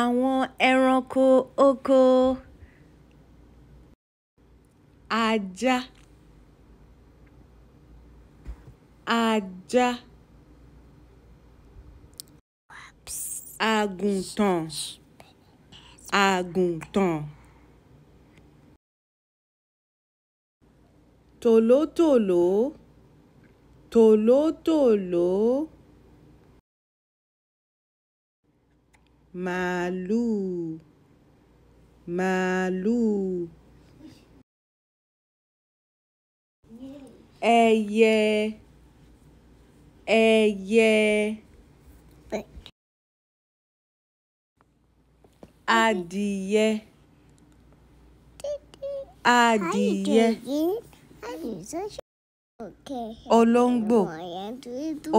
Àwọn ẹranko oko. Ajá ajá àgùntàn àgùntàn tòlótòló tòlótòló مالو مالو ẹyẹ ẹyẹ adìyẹ adìyẹ olóńgbò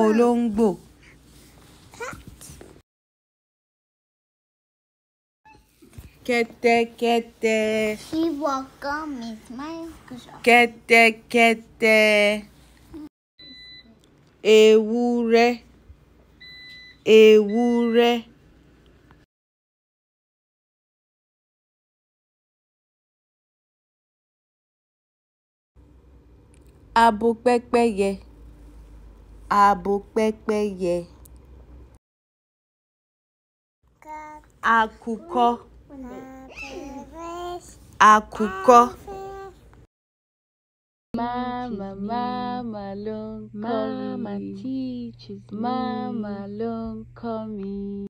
olóńgbò. Kete, Kete. She welcome me smile. Kẹ́tẹ́kẹ́tẹ́. Ewúrẹ́. Ewúrẹ́. Abo pẹ́pẹ́yẹ. Abo pẹ́pẹ́yẹ. Àkùkọ àkùkọ. Mama, mama ló ń kọ́ Mama teaches, mama ló ń kọ́